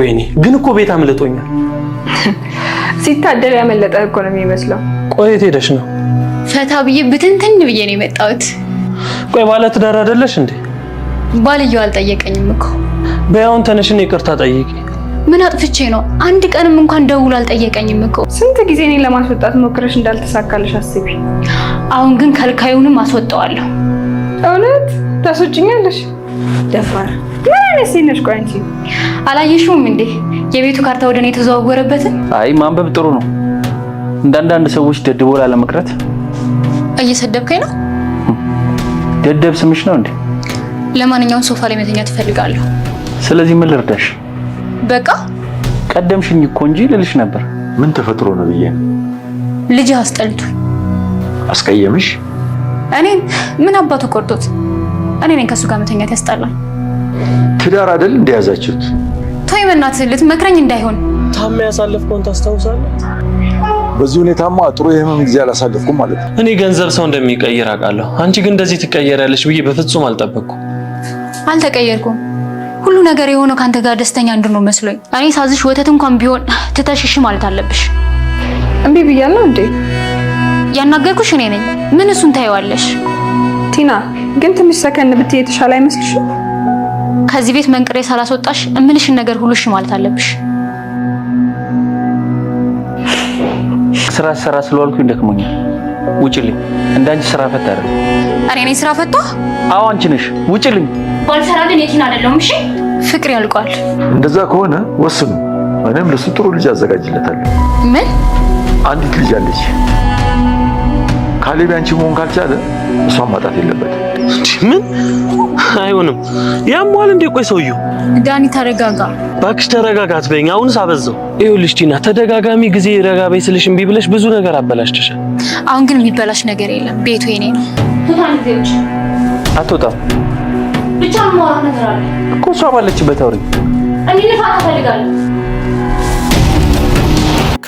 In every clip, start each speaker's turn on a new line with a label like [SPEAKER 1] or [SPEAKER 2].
[SPEAKER 1] ወይኔ ግን እኮ ቤት አምልጦኛል።
[SPEAKER 2] ሲታደር ያመለጠ እኮ ነው የሚመስለው።
[SPEAKER 1] ቆይ ሄደሽ ነው?
[SPEAKER 3] ፈታ ብዬ ብትንትን ብዬ ነው የመጣሁት።
[SPEAKER 1] ቆይ ባለ ትዳር አይደለሽ እንዴ?
[SPEAKER 3] ባልየው አልጠየቀኝም እኮ።
[SPEAKER 1] በያውን ተነሽን ይቅርታ ጠይቂ።
[SPEAKER 3] ምን አጥፍቼ ነው? አንድ ቀንም እንኳን ደውሎ አልጠየቀኝም እኮ።
[SPEAKER 2] ስንት ጊዜ እኔን ለማስወጣት ሞክረሽ እንዳልተሳካልሽ አስቢ።
[SPEAKER 3] አሁን ግን ከልካዩንም አስወጣዋለሁ።
[SPEAKER 2] እውነት ታስወጭኛለሽ? ደፋር ደስ ቆይ አንቺ
[SPEAKER 3] አላየሽውም እንዴ የቤቱ ካርታ ወደ እኔ የተዘዋወረበትን?
[SPEAKER 1] አይ ማንበብ ጥሩ ነው። እንደ ሰዎች ደድቦ ላለመቅረት።
[SPEAKER 3] እየሰደብከኝ ነው።
[SPEAKER 1] ደደብ ስምሽ ነው እንዴ?
[SPEAKER 3] ለማንኛውም ሶፋ ላይ መተኛ ትፈልጋለሁ።
[SPEAKER 1] ስለዚህ ምን ልርዳሽ? በቃ ቀደምሽኝ እኮ እንጂ ልልሽ ነበር።
[SPEAKER 4] ምን ተፈጥሮ ነው ብዬ
[SPEAKER 3] ልጅ አስጠልቱ አስቀየምሽ? እኔ ምን አባቱ ቆርጦት? እኔ ነኝ ከእሱ ጋር መተኛት ያስጠላል።
[SPEAKER 4] ትዳር አይደል እንደያዛችሁት?
[SPEAKER 3] ቶይ በእናትህ ልትመክረኝ እንዳይሆን።
[SPEAKER 1] ታማ ያሳለፍከውን ታስታውሳለህ?
[SPEAKER 4] በዚህ ሁኔታማ ጥሩ የህመም ጊዜ አላሳለፍኩም ማለት ነው።
[SPEAKER 1] እኔ ገንዘብ ሰው እንደሚቀይር አውቃለሁ። አንቺ ግን እንደዚህ ትቀየሪያለሽ ብዬ በፍጹም አልጠበቅኩም።
[SPEAKER 3] አልተቀየርኩም። ሁሉ ነገር የሆነው ከአንተ ጋር ደስተኛ እንድኖ መስሎኝ። እኔ ሳዝሽ ወተት እንኳን ቢሆን ትተሽሽ ማለት አለብሽ።
[SPEAKER 2] እምቢ ብያለሁ እንዴ?
[SPEAKER 3] ያናገርኩሽ እኔ ነኝ። ምን እሱን ታየዋለሽ?
[SPEAKER 2] ቲና ግን ትንሽ ሰከን ብትይ የተሻለ አይመስልሽም?
[SPEAKER 3] ከዚህ ቤት መንቅሬ ሳላስወጣሽ እምልሽን ነገር ሁሉ እሺ ማለት አለብሽ።
[SPEAKER 1] ስራ ስራ ስለዋልኩኝ ደክሞኛል። ውጭልኝ። እንዳንቺ ስራ ፈታ አይደል?
[SPEAKER 3] እኔ ነኝ ስራ ፈታ?
[SPEAKER 1] አዎ አንቺ ነሽ። ውጭልኝ።
[SPEAKER 3] ባልሰራ ግን የቲን አይደለሁም። እሺ ፍቅር ያልቋል።
[SPEAKER 4] እንደዛ ከሆነ ወስኑ። እኔም ለሱ ጥሩ ልጅ አዘጋጅለታለሁ። ምን? አንዲት ልጅ አለች። ካሌብ አንቺ መሆን ካልቻለ እሷን ማጣት የለበትም።
[SPEAKER 1] ምን አይሆንም። ያሟል እንዴ? ቆይ ሰውየው
[SPEAKER 3] ዳኒ ተረጋጋ
[SPEAKER 1] እባክሽ፣ ተረጋጋት አትበይኝ። አሁንስ አበዛው። ይኸውልሽ ቲና፣ ተደጋጋሚ ጊዜ ረጋ በይ ስልሽ እምቢ ብለሽ ብዙ ነገር አበላሽተሻል።
[SPEAKER 3] አሁን ግን የሚበላሽ ነገር የለም። ቤቱ የኔ ነው። አትወጣም ብቻ ማውራት ነገር አለ
[SPEAKER 1] እኮ እሷ ባለችበት አውሪኝ።
[SPEAKER 3] እኔ ልፋታ እፈልጋለሁ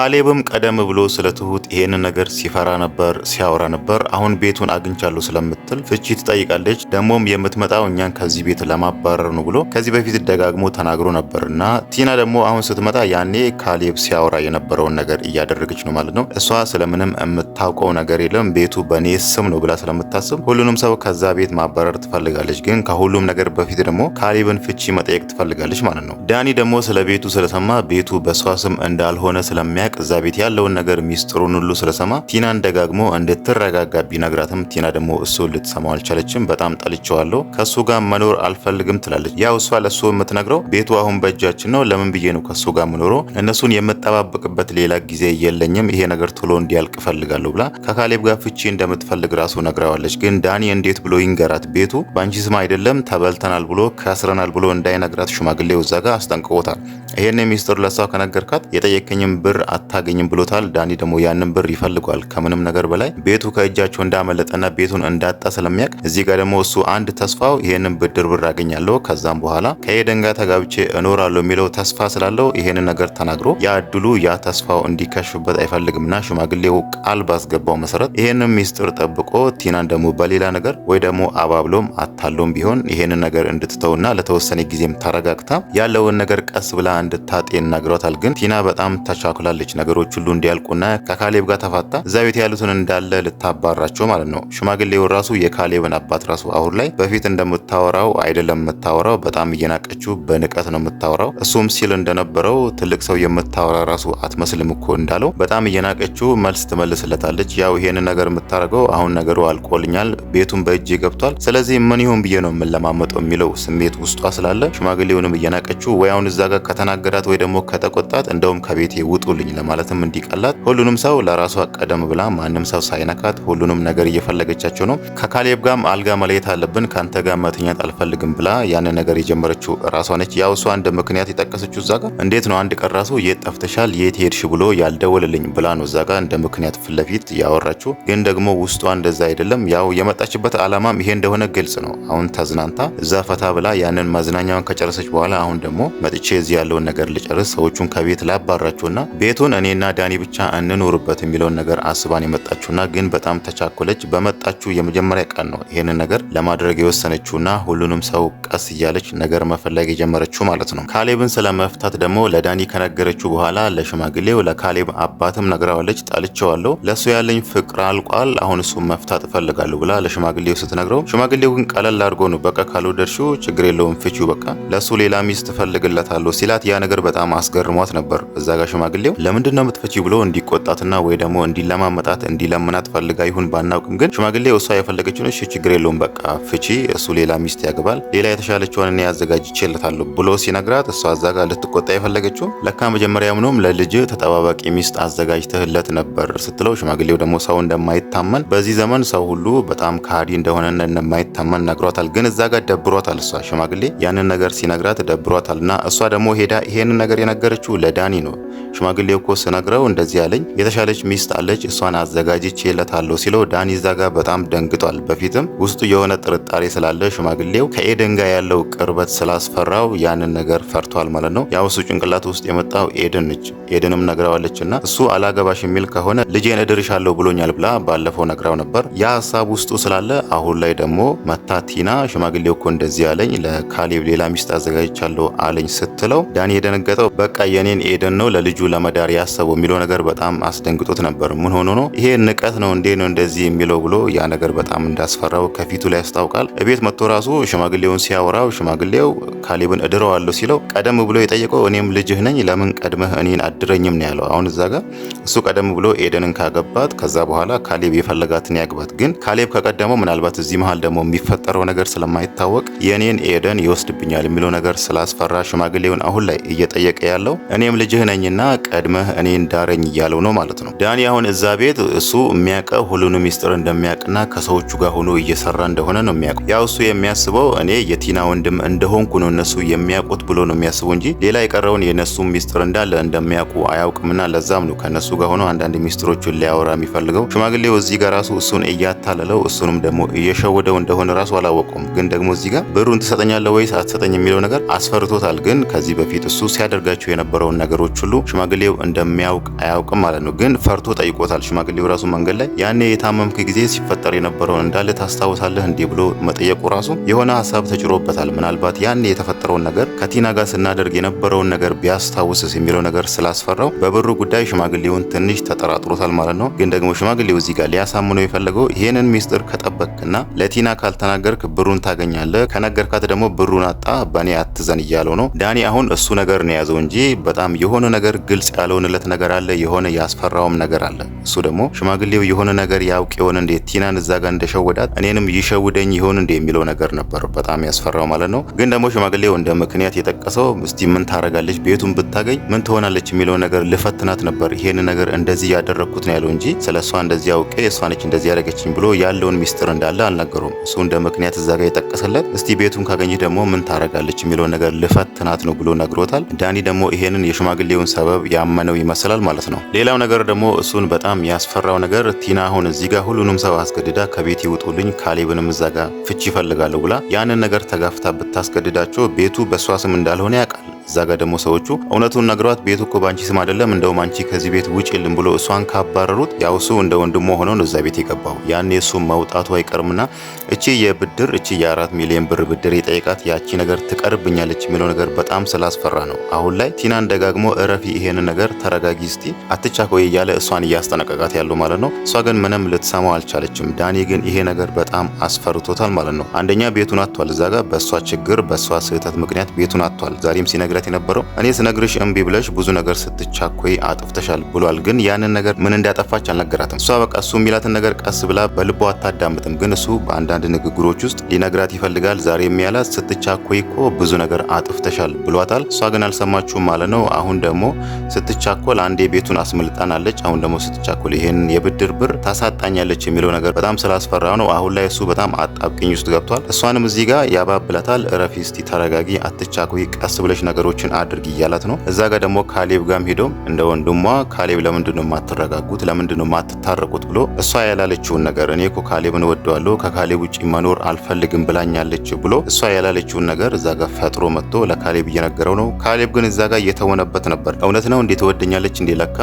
[SPEAKER 5] ካሌብም ቀደም ብሎ ስለ ትሁት ይሄንን ነገር ሲፈራ ነበር፣ ሲያወራ ነበር። አሁን ቤቱን አግኝቻለሁ ስለምትል ፍቺ ትጠይቃለች፣ ደግሞም የምትመጣው እኛን ከዚህ ቤት ለማባረር ነው ብሎ ከዚህ በፊት ደጋግሞ ተናግሮ ነበር እና ቲና ደግሞ አሁን ስትመጣ ያኔ ካሌብ ሲያወራ የነበረውን ነገር እያደረገች ነው ማለት ነው። እሷ ስለምንም የምታውቀው ነገር የለም ቤቱ በእኔ ስም ነው ብላ ስለምት ስለምታስብ ሁሉንም ሰው ከዛ ቤት ማባረር ትፈልጋለች። ግን ከሁሉም ነገር በፊት ደግሞ ካሌብን ፍቺ መጠየቅ ትፈልጋለች ማለት ነው። ዳኒ ደግሞ ስለ ቤቱ ስለሰማ ቤቱ በሷ ስም እንዳልሆነ ስለሚያውቅ እዛ ቤት ያለውን ነገር ሚስጥሩን ሁሉ ስለሰማ ቲናን ደጋግሞ እንድትረጋጋ ቢነግራትም ቲና ደግሞ እሱ ልትሰማው አልቻለችም። በጣም ጠልቸዋለሁ፣ ከእሱ ጋር መኖር አልፈልግም ትላለች። ያው እሷ ለእሱ የምትነግረው ቤቱ አሁን በእጃችን ነው፣ ለምን ብዬ ነው ከእሱ ጋር ምኖሮ እነሱን የምጠባበቅበት ሌላ ጊዜ የለኝም፣ ይሄ ነገር ቶሎ እንዲያልቅ እፈልጋለሁ ብላ ከካሌብ ጋር ፍቺ እንደምትፈልግ ራሱ ነግረዋል። ትነግረዋለች። ግን ዳኒ እንዴት ብሎ ይንገራት? ቤቱ በአንቺ ስም አይደለም ተበልተናል ብሎ ከስረናል ብሎ እንዳይነግራት ሽማግሌው እዛ ጋር አስጠንቅቆታል። ይሄን የሚስጥር ለሷ ከነገርካት የጠየቀኝም ብር አታገኝም ብሎታል። ዳኒ ደግሞ ያንን ብር ይፈልጓል። ከምንም ነገር በላይ ቤቱ ከእጃቸው እንዳመለጠና ቤቱን እንዳጣ ስለሚያውቅ እዚህ ጋር ደግሞ እሱ አንድ ተስፋው ይሄንን ብድር ብር አገኛለሁ ከዛም በኋላ ከኤደን ጋር ተጋብቼ እኖራለሁ የሚለው ተስፋ ስላለው ይሄንን ነገር ተናግሮ ያ እድሉ ያ ተስፋው እንዲከሽፍበት አይፈልግምና ሽማግሌው ቃል ባስገባው መሰረት ይሄንን ሚስጥር ጠብቆ ቲና እሷን ደግሞ በሌላ ነገር ወይ ደግሞ አባብሎም አታሎም ቢሆን ይሄንን ነገር እንድትተውና ለተወሰነ ጊዜም ተረጋግታ ያለውን ነገር ቀስ ብላ እንድታጤን ነግሯታል። ግን ቲና በጣም ተቻኩላለች። ነገሮች ሁሉ እንዲያልቁና ከካሌብ ጋር ተፋታ እዛ ቤት ያሉትን እንዳለ ልታባራቸው ማለት ነው። ሽማግሌው ራሱ የካሌብን አባት ራሱ አሁን ላይ በፊት እንደምታወራው አይደለም የምታወራው፣ በጣም እየናቀችው በንቀት ነው የምታወራው። እሱም ሲል እንደነበረው ትልቅ ሰው የምታወራ ራሱ አትመስልም እኮ እንዳለው በጣም እየናቀችው መልስ ትመልስለታለች። ያው ይሄንን ነገር የምታደርገው አሁን ነገሩ አልቆ ተለቆልኛል፣ ቤቱን በእጄ ገብቷል። ስለዚህ ምን ይሆን ብዬ ነው የምንለማመጠው የሚለው ስሜት ውስጧ ስላለ ሽማግሌውንም እየናቀችው ወይ አሁን እዛ ጋር ከተናገራት ወይ ደግሞ ከተቆጣት እንደውም ከቤቴ ውጡልኝ ለማለትም እንዲቀላት ሁሉንም ሰው ለራሷ ቀደም ብላ ማንም ሰው ሳይነካት ሁሉንም ነገር እየፈለገቻቸው ነው። ከካሌብ ጋም አልጋ መለየት አለብን ከአንተ ጋር መተኛት አልፈልግም ብላ ያንን ነገር የጀመረችው ራሷ ነች። ያው እሷ እንደ ምክንያት የጠቀሰችው እዛ ጋር እንዴት ነው አንድ ቀን ራሱ የት ጠፍተሻል፣ የት ሄድሽ ብሎ ያልደወልልኝ ብላ ነው እዛ ጋር እንደ ምክንያት ፊት ለፊት ያወራችው። ግን ደግሞ ውስጧ እንደዛ አይደለም። ያው የመጣችበት አላማም ይሄ እንደሆነ ግልጽ ነው። አሁን ተዝናንታ እዛ ፈታ ብላ ያንን መዝናኛውን ከጨረሰች በኋላ አሁን ደግሞ መጥቼ እዚህ ያለውን ነገር ልጨርስ፣ ሰዎቹን ከቤት ላባራችሁና ቤቱን እኔና ዳኒ ብቻ እንኖርበት የሚለውን ነገር አስባን የመጣችሁና ግን በጣም ተቻኮለች። በመጣችሁ የመጀመሪያ ቀን ነው ይሄንን ነገር ለማድረግ የወሰነችውና ሁሉንም ሰው ቀስ እያለች ነገር መፈለግ የጀመረችው ማለት ነው። ካሌብን ስለ መፍታት ደግሞ ለዳኒ ከነገረችው በኋላ ለሽማግሌው ለካሌብ አባትም ነግረዋለች። ጠልቼዋለሁ፣ ለእሱ ያለኝ ፍቅር አልቋል። አሁን እሱ መፍታት እፈልጋለሁ ይፈልጋሉ ብላ ለሽማግሌው ስትነግረው ሽማግሌው ግን ቀለል አድርጎ ነው በቃ ካልወደድሽው ችግር የለውም ፍቺው በቃ ለሱ ሌላ ሚስት ትፈልግለታለሁ ሲላት ያ ነገር በጣም አስገርሟት ነበር። እዛ ጋር ሽማግሌው ለምንድን ነው የምትፈቺው ብሎ እንዲቆጣትና ወይ ደግሞ እንዲለማመጣት እንዲለምናት ፈልጋ ይሁን ባናውቅም ግን ሽማግሌው እሷ የፈለገችውን እሺ ችግር የለውም በቃ ፍቺ እሱ ሌላ ሚስት ያገባል ሌላ የተሻለችውን እኔ አዘጋጅቼለታለሁ ብሎ ሲነግራት እሷ እዛ ጋር ልትቆጣ የፈለገችው ለካ መጀመሪያውኑም ለልጅ ተጠባባቂ ሚስት አዘጋጅተህለት ነበር ስትለው ሽማግሌው ደግሞ ሰው እንደማይታመን በዚህ ዘመን ሰው ሁሉ በጣም ከሃዲ እንደሆነ እንደማይታመን ነግሯታል። ግን እዛ ጋር ደብሯታል። እሷ ሽማግሌ ያንን ነገር ሲነግራት ደብሯታል። እና እሷ ደግሞ ሄዳ ይሄንን ነገር የነገረችው ለዳኒ ነው። ሽማግሌው እኮ ስነግረው እንደዚህ ያለኝ የተሻለች ሚስት አለች፣ እሷን አዘጋጅቼ እለታለሁ ሲለው ዳኒ እዛ ጋር በጣም ደንግጧል። በፊትም ውስጡ የሆነ ጥርጣሬ ስላለ ሽማግሌው ከኤደን ጋር ያለው ቅርበት ስላስፈራው ያንን ነገር ፈርቷል ማለት ነው። ያው እሱ ጭንቅላት ውስጥ የመጣው ኤደን ነች። ኤደንም ነግረዋለች እና እሱ አላገባሽ የሚል ከሆነ ልጄን እድርሻለሁ ብሎኛል ብላ ባለፈው ነግራው ነበር። ያ ሀሳብ ውስጡ ስላለ አሁን ላይ ደግሞ መታ ቲና ሽማግሌው እኮ እንደዚህ አለኝ ለካሌብ ሌላ ሚስት አዘጋጅቻለሁ አለኝ ስትለው ዳኒ የደነገጠው በቃ የኔን ኤደን ነው ለልጁ ለመዳር ያሰበው የሚለው ነገር በጣም አስደንግጦት ነበር። ምን ሆኖ ነው ይሄ ንቀት ነው እንዴ ነው እንደዚህ የሚለው ብሎ ያ ነገር በጣም እንዳስፈራው ከፊቱ ላይ ያስታውቃል። እቤት መጥቶ ራሱ ሽማግሌውን ሲያወራው ሽማግሌው ካሌብን እድረዋለሁ ሲለው ቀደም ብሎ የጠየቀው እኔም ልጅህ ነኝ ለምን ቀድመህ እኔን አድረኝም ነው ያለው። አሁን እዛ ጋር እሱ ቀደም ብሎ ኤደንን ካገባት ከዛ በኋላ ካሌብ የፈለጋትን ያግባት ግን ካሌብ ከቀደመው ምናልባት እዚህ መሀል ደግሞ የሚፈጠረው ነገር ስለማይታወቅ የኔን ኤደን ይወስድብኛል የሚለው ነገር ስላስፈራ ሽማግሌውን አሁን ላይ እየጠየቀ ያለው እኔም ልጅህ ነኝና ቀድመህ እኔን ዳረኝ እያለው ነው ማለት ነው። ዳኒ አሁን እዛ ቤት እሱ የሚያውቀው ሁሉንም ሚስጥር እንደሚያውቅና ከሰዎቹ ጋር ሆኖ እየሰራ እንደሆነ ነው የሚያውቀው። ያው እሱ የሚያስበው እኔ የቲና ወንድም እንደሆንኩ ነው እነሱ የሚያውቁት ብሎ ነው የሚያስቡ እንጂ ሌላ የቀረውን የእነሱ ሚስጥር እንዳለ እንደሚያውቁ አያውቅምና ለዛም ነው ከእነሱ ጋር ሆኖ አንዳንድ ሚስጥሮቹን ሊያወራ የሚፈልገው። ሽማግሌው እዚህ ጋር ራሱ እሱን እያታል እያታለለው እሱንም ደግሞ እየሸወደው እንደሆነ ራሱ አላወቁም። ግን ደግሞ እዚህ ጋር ብሩን ትሰጠኛለህ ወይስ አትሰጠኝ የሚለው ነገር አስፈርቶታል። ግን ከዚህ በፊት እሱ ሲያደርጋቸው የነበረውን ነገሮች ሁሉ ሽማግሌው እንደሚያውቅ አያውቅም ማለት ነው። ግን ፈርቶ ጠይቆታል። ሽማግሌው ራሱ መንገድ ላይ ያኔ የታመምክ ጊዜ ሲፈጠር የነበረውን እንዳለ ታስታውሳለህ እንዲህ ብሎ መጠየቁ ራሱ የሆነ ሀሳብ ተጭሮበታል። ምናልባት ያኔ የተፈጠረውን ነገር ከቲና ጋር ስናደርግ የነበረውን ነገር ቢያስታውስስ የሚለው ነገር ስላስፈራው በብሩ ጉዳይ ሽማግሌውን ትንሽ ተጠራጥሮታል ማለት ነው። ግን ደግሞ ሽማግሌው እዚህ ጋር ሊያሳምነው የፈለገው ይሄን ይህንን ሚስጥር ከጠበቅክና ለቲና ካልተናገርክ ብሩን ታገኛለ ከነገርካት ደግሞ ብሩን አጣ በእኔ አትዘን እያለው ነው ዳኒ። አሁን እሱ ነገር ነው የያዘው እንጂ በጣም የሆነ ነገር ግልጽ ያልሆነለት ነገር አለ፣ የሆነ ያስፈራውም ነገር አለ። እሱ ደግሞ ሽማግሌው የሆነ ነገር ያውቅ ይሆን እንዴ ቲናን እዛ ጋር እንደሸወዳት እኔንም ይሸውደኝ ይሆን እንዴ የሚለው ነገር ነበር በጣም ያስፈራው ማለት ነው። ግን ደግሞ ሽማግሌው እንደ ምክንያት የጠቀሰው እስቲ ምን ታረጋለች ቤቱን ብታገኝ ምን ትሆናለች የሚለው ነገር ልፈትናት ነበር። ይሄን ነገር እንደዚህ ያደረግኩት ነው ያለው እንጂ ስለ እሷ እንደዚህ አውቄ እሷ ነች እንደዚህ ያደረገችኝ ብሎ ያለውን ሚስጥር እንዳለ አልነገሩም። እሱ እንደ ምክንያት እዛ ጋር የጠቀሰለት እስቲ ቤቱን ካገኘህ ደግሞ ምን ታረጋለች የሚለውን ነገር ልፈትናት ነው ብሎ ነግሮታል። ዳኒ ደግሞ ይሄንን የሽማግሌውን ሰበብ ያመነው ይመስላል ማለት ነው። ሌላው ነገር ደግሞ እሱን በጣም ያስፈራው ነገር ቲና አሁን እዚህ ጋር ሁሉንም ሰው አስገድዳ ከቤት ይውጡልኝ ካሌብንም እዛ ጋር ፍቺ ይፈልጋለሁ ብላ ያንን ነገር ተጋፍታ ብታስገድዳቸው ቤቱ በእሷ ስም እንዳልሆነ ያውቃል። እዛ ጋር ደግሞ ሰዎቹ እውነቱን ነግሯት ቤቱ እኮ ባንቺ ስም አይደለም እንደውም አንቺ ከዚህ ቤት ውጭ ልም ብሎ እሷን ካባረሩት ያው እሱ እንደ ወንድሞ ሆኖ ነው እዛ ቤት የገባው። ያኔ እሱ መውጣቱ አይቀርምና እቺ የብድር እቺ የአራት ሚሊዮን ብር ብድር የጠየቃት ያቺ ነገር ትቀርብኛለች የሚለው ነገር በጣም ስላስፈራ ነው። አሁን ላይ ቲናን ደጋግሞ እረፊ፣ ይሄን ነገር ተረጋጊ፣ እስቲ አትቻኮይ እያለ እሷን እያስጠነቀቃት ያለው ማለት ነው። እሷ ግን ምንም ልትሰማው አልቻለችም። ዳኒ ግን ይሄ ነገር በጣም አስፈርቶታል ማለት ነው። አንደኛ ቤቱን አጥቷል። እዛ ጋር በእሷ ችግር በእሷ ስህተት ምክንያት ቤቱን አጥቷል። ዛሬም ሲነግረ ሲላት የነበረው እኔ ስነግርሽ እምቢ ብለሽ ብዙ ነገር ስትቻኮይ አጥፍተሻል ብሏል። ግን ያንን ነገር ምን እንዳጠፋች አልነገራትም። እሷ በቃ እሱ የሚላትን ነገር ቀስ ብላ በልቦ አታዳምጥም። ግን እሱ በአንዳንድ ንግግሮች ውስጥ ሊነግራት ይፈልጋል። ዛሬ የሚያላት ስትቻኮይ እኮ ብዙ ነገር አጥፍተሻል ብሏታል። እሷ ግን አልሰማችሁም ማለት ነው። አሁን ደግሞ ስትቻኮል አንዴ ቤቱን አስመልጣናለች። አሁን ደግሞ ስትቻኮል ይህን የብድር ብር ታሳጣኛለች የሚለው ነገር በጣም ስላስፈራ ነው። አሁን ላይ እሱ በጣም አጣብቅኝ ውስጥ ገብቷል። እሷንም እዚህ ጋር ያባብላታል። እረፊ እስቲ ተረጋጊ፣ አትቻኮይ፣ ቀስ ብለሽ ነገሩ ነገሮችን አድርግ እያላት ነው። እዛ ጋር ደግሞ ካሌብ ጋም ሄደው እንደ ወንድሟ ካሌብ ለምንድነው የማትረጋጉት? ለምንድነው የማትታረቁት? ብሎ እሷ ያላለችውን ነገር እኔ እኮ ካሌብን እወደዋለሁ ከካሌብ ውጭ መኖር አልፈልግም ብላኛለች ብሎ እሷ ያላለችውን ነገር እዛ ጋር ፈጥሮ መጥቶ ለካሌብ እየነገረው ነው። ካሌብ ግን እዛ ጋር እየተወነበት ነበር። እውነት ነው እንዴ ትወደኛለች እንዴ? ለካ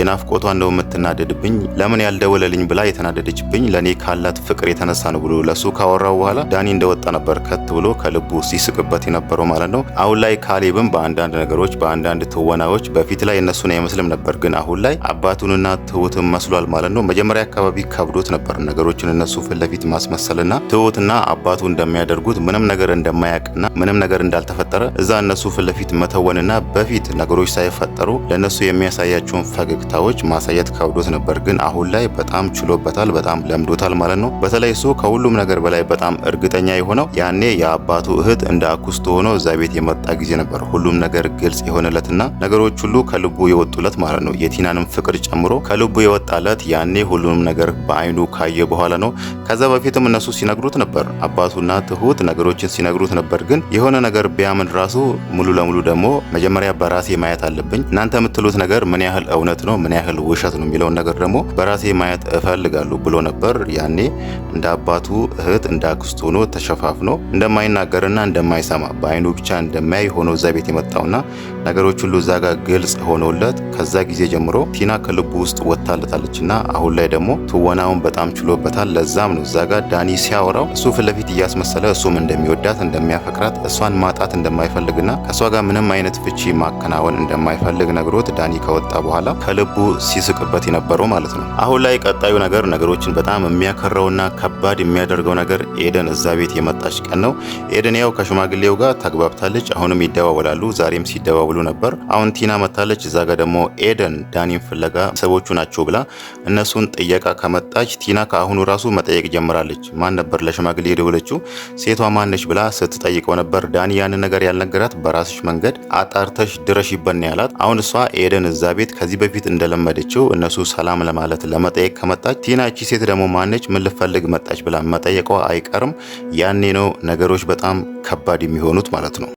[SPEAKER 5] የናፍቆቷ ነው የምትናደድብኝ። ለምን ያልደወለልኝ ብላ የተናደደችብኝ ለእኔ ካላት ፍቅር የተነሳ ነው ብሎ ለሱ ካወራው በኋላ ዳኒ እንደወጣ ነበር ከት ብሎ ከልቡ ሲስቅበት የነበረው ማለት ነው። አሁን ላይ ካሌብም ቢሆንም በአንዳንድ ነገሮች በአንዳንድ ትወናዎች በፊት ላይ እነሱን አይመስልም ነበር፣ ግን አሁን ላይ አባቱንና ትሁትን መስሏል ማለት ነው። መጀመሪያ አካባቢ ከብዶት ነበር ነገሮችን እነሱ ፊት ለፊት ማስመሰልና ትሁትና አባቱ እንደሚያደርጉት ምንም ነገር እንደማያውቅና ምንም ነገር እንዳልተፈጠረ እዛ እነሱ ፊት ለፊት መተወንና በፊት ነገሮች ሳይፈጠሩ ለእነሱ የሚያሳያቸውን ፈገግታዎች ማሳየት ከብዶት ነበር፣ ግን አሁን ላይ በጣም ችሎበታል፣ በጣም ለምዶታል ማለት ነው። በተለይ እሱ ከሁሉም ነገር በላይ በጣም እርግጠኛ የሆነው ያኔ የአባቱ እህት እንደ አኩስቶ ሆኖ እዛ ቤት የመጣ ጊዜ ነበር። ሁሉም ነገር ግልጽ የሆነለትና ነገሮች ሁሉ ከልቡ የወጡለት ማለት ነው። የቲናንም ፍቅር ጨምሮ ከልቡ የወጣለት ያኔ ሁሉንም ነገር በአይኑ ካየ በኋላ ነው። ከዛ በፊትም እነሱ ሲነግሩት ነበር፣ አባቱና ትሁት ነገሮችን ሲነግሩት ነበር። ግን የሆነ ነገር ቢያምን ራሱ ሙሉ ለሙሉ ደግሞ መጀመሪያ በራሴ ማየት አለብኝ። እናንተ የምትሉት ነገር ምን ያህል እውነት ነው፣ ምን ያህል ውሸት ነው የሚለውን ነገር ደግሞ በራሴ ማየት እፈልጋሉ ብሎ ነበር። ያኔ እንደ አባቱ እህት እንደ አክስቱ ሆኖ ተሸፋፍኖ እንደማይናገርና እንደማይሰማ በአይኑ ብቻ እንደማያይ ሆኖ እዛ ቤት ቤት የመጣውና ነገሮች ሁሉ እዛ ጋር ግልጽ ሆኖለት ከዛ ጊዜ ጀምሮ ቲና ከልቡ ውስጥ ወታለታለችና አሁን ላይ ደግሞ ትወናውን በጣም ችሎበታል። ለዛም ነው እዛ ጋር ዳኒ ሲያወራው እሱ ፊት ለፊት እያስመሰለ እሱም እንደሚወዳት እንደሚያፈቅራት እሷን ማጣት እንደማይፈልግና ከእሷ ጋር ምንም አይነት ፍቺ ማከናወን እንደማይፈልግ ነግሮት ዳኒ ከወጣ በኋላ ከልቡ ሲስቅበት የነበረው ማለት ነው። አሁን ላይ ቀጣዩ ነገር ነገሮችን በጣም የሚያከረውና ከባድ የሚያደርገው ነገር ኤደን እዛ ቤት የመጣች ቀን ነው። ኤደን ያው ከሽማግሌው ጋር ተግባብታለች። አሁንም ይደዋወላል ይላሉ። ዛሬም ሲደባብሉ ነበር። አሁን ቲና መታለች። እዛ ጋር ደግሞ ኤደን ዳኒን ፍለጋ ሰቦቹ ናቸው ብላ እነሱን ጥየቃ ከመጣች ቲና ከአሁኑ ራሱ መጠየቅ ጀምራለች። ማን ነበር ለሽማግሌ የደወለችው ሴቷ ማነች ብላ ስትጠይቀው ነበር። ዳኒ ያንን ነገር ያልነገራት በራስሽ መንገድ አጣርተሽ ድረሽ ነው ያላት። አሁን እሷ ኤደን እዛ ቤት ከዚህ በፊት እንደለመደችው እነሱ ሰላም ለማለት ለመጠየቅ ከመጣች ቲና እቺ ሴት ደግሞ ማነች ምን ልፈልግ መጣች ብላ መጠየቋ አይቀርም። ያኔ ነው ነገሮች በጣም ከባድ የሚሆኑት ማለት ነው።